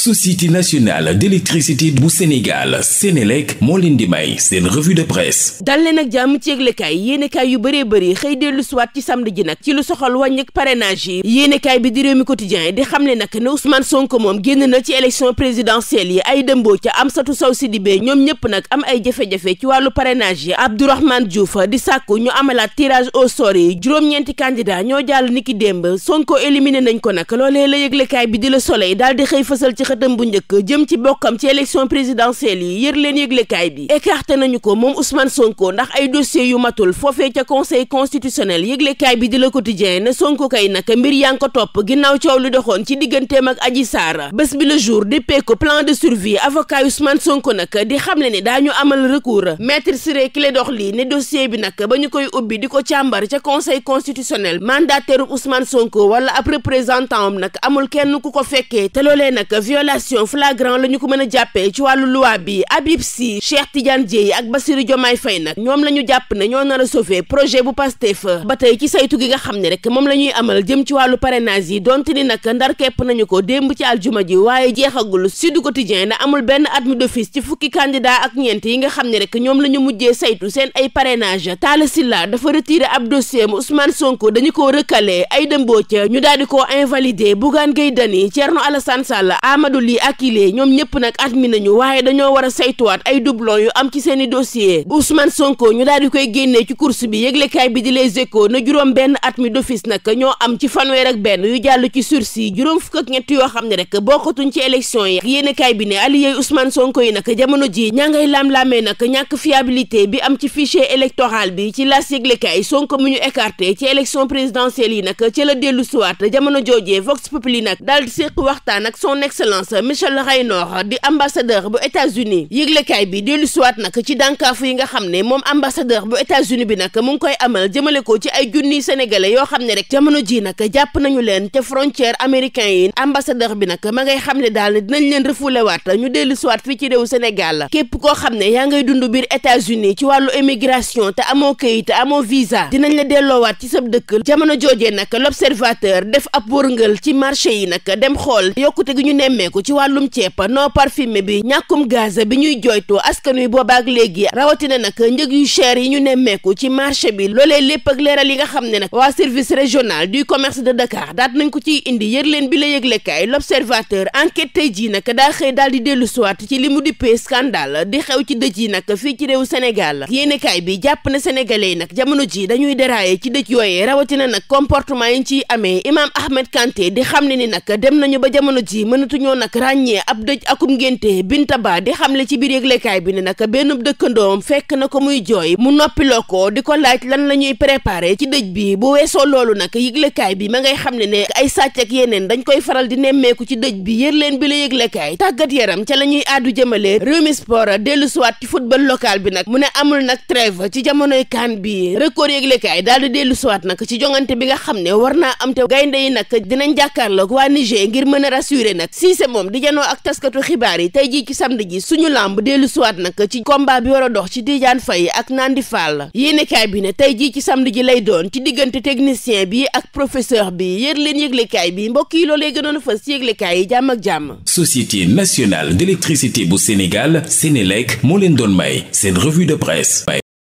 société nationale d'électricité bu Sénégal Sénélec moo leen di may seen revue de presse dal leen ak jàmm ci yëglekaay yéenekaay yu bëree bëri xëy dellu siwaat ci samedi ji nag ci lu soxal wàññik parrainage yi yéenekaay bi di réew mi quotidien di xamle nag ne Ousmane Sonko moom génn na ci élection présidentielle yi ay dëmboo ca Amsatou Sow Sidibé ñoom ñëpp nag am ay jafe-jafe ci wàllu parrainage yi Abdourahmane Diouf di sàkku ñu amalaat tirage au sort yi juróom-ñeenti candidat ñoo jàll niki démb Sonko éliminé nañ ko nag loolee la yëglekaay xëtam bu njëkk jëm ci bokkam ci élection présidentielle yi yër leen yëglekaay bi écarté nañu ko ne Sonko kay naka mbir yaa ngi ko topp ginnaaw coow lu doxoon ci digganteem ak Adji Sarr bés bi le jour déppee ko plan de survie avocat Ousmane naka di xamle ne daañu amal recours maître Ciré Clédor Ly ne dossier bi naka ba ñu koy ubbi di ko càmbar ca conseil constitutionnel mandataire Ousmane Sonko ab représentant am nag amul kenn ku ko fekkee te loolee nag violation flagrant la ñu ko mën a jàppee ci wàllu loi bi Habib Sy Cheikh Tidiane Dièye ak Bassirou Diomaye Faye nag ñoom la ñu jàpp ne ñoo nar sauver projet bu Pastef ba tey ci saytu gi nga xam ne rek moom la ñuy amal jëm ci wàllu parrainage yi donte ni nag ndar kepp nañu ko démb ci aljuma ji waaye jeexagul Sud Quotidien na amul benn at admis d'office ci fukki candidat ak ñeent yi nga xam ne rek ñoom la ñu mujjee saytu seen ay parrainage Talla Sylla dafa retiré ab dossier mu Ousmane Sonko dañu koo recalé ay dëmboo ñu daal di koo invalider Bougane Gueye Dany Thierno Alassane Fadul yi ak ñoom ñëpp nag at admis nañu waaye dañoo war a saytuwaat ay doublon yu am ci seen i dossier Ousmane Sonko ñu daal di koy génnee ci course bi yëglekaay bi di Les na juróom benn admis d'office nag ñoo am ci fanweer ak benn yu jàll ci sursis juróom fukk ak ñett yoo xam ne rek bokkatuñ ci élection yi yéenekaay bi ne allié Ousmane Sonko yi nag jamono ji ñaa ngay laam-laamee nag ñàkk fiabilité bi am ci fichier électoral bi ci laas yëglekaay Sonko mu ñu écarté ci élection présidentielle yi nag ci la dellu siwaat jamono joojee Vox Populi nag daal di séq waxtaan ak son excellence France Michel Raynor di ambassadeur bu États-Unis yëglekaay bi dellu siwaat nag ci dànkaafu yi nga xam ne moom ambassadeur bu États-Unis bi nag mu ngi koy amal jëmale ko ci ay junniy sénégalais yoo xam ne rek jamono ji nag jàpp nañu leen te frontière américain yi ambassadeur bi nag ma ngay xam ne daal ne dinañ leen refoulé waat ñu dellu siwaat fii ci réew Sénégal képp koo xam ne yaa ngay dund biir États-Unis ci wàllu immigration te amoo këyit amoo visa dinañ la delloowaat ci sab ci marché yi nag dem xool nemmeeku ci wàllum ceeb non parfumé bi ñàkkum gaz bi ñuy jooytoo askan wi boobaak léegi rawatina nag njëg yu cher yi ñu nemmeeku ci marché bi loolee lépp ak leeral yi nga xam ne nag waa service régional du commerce de Dakar daat nañ ko ci indi yër leen bi la yëglekaay l'observateur enquête tey jii nag daa xëy daal di dellu siwaat ci li mu dippee scandale di xew ci dëj yi nag fii ci réew Sénégal yéenekaay bi jàpp na sénégalais yi nag jamono ji dañuy dérailler ci dëj yooyee rawatina nag comportement yi ñu amee imaam Ahmed Kanté di xam ne ni nag dem nañu ba jamono ji mënatuñoo nag ràññee ab dëj akum ngénte Binta Ba di xamle ci biir yëglekaay bi ne nag benn dëkkandoom fekk na ko muy jooy mu noppiloo ko di ko laaj lan la ñuy préparé ci dëj bi bu weesoo loolu nag yëglekaay bi ma ngay xam ne ne ay sàcc yeneen dañ koy faral di nemmeeku ci dëj bi yër leen bi la yëglekaay tàggat yaram ca la ñuy àddu jëmale réew mi sport dellu siwaat ci football local bi nag mu ne amul nag trêve ci jamonoy kaan bi record yëglekaay daal di dellu siwaat nag ci jongante bi nga xam ne war naa am te gaynde yi nag dinañ jàkkaarloog waa Niger ngir mën a rassurer nag moom di janoo ak taskatu xibaar yi tey jii ci samedi ji suñu làmb dellu suwaat nag ci combat bi war a dox ci Tidiane Faye ak Nandi Fall yéenekaay bi ne tey jii ci samedi ji lay doon ci diggante technicien bi ak professeur bi yër leen yëglekaay bi mbokk yi loolee gënoon a fës yëglekaay yi jàmm ak jàmm. Société nationale d'électricité bu Sénégal Sénélec moo leen doon may seen revue de presse.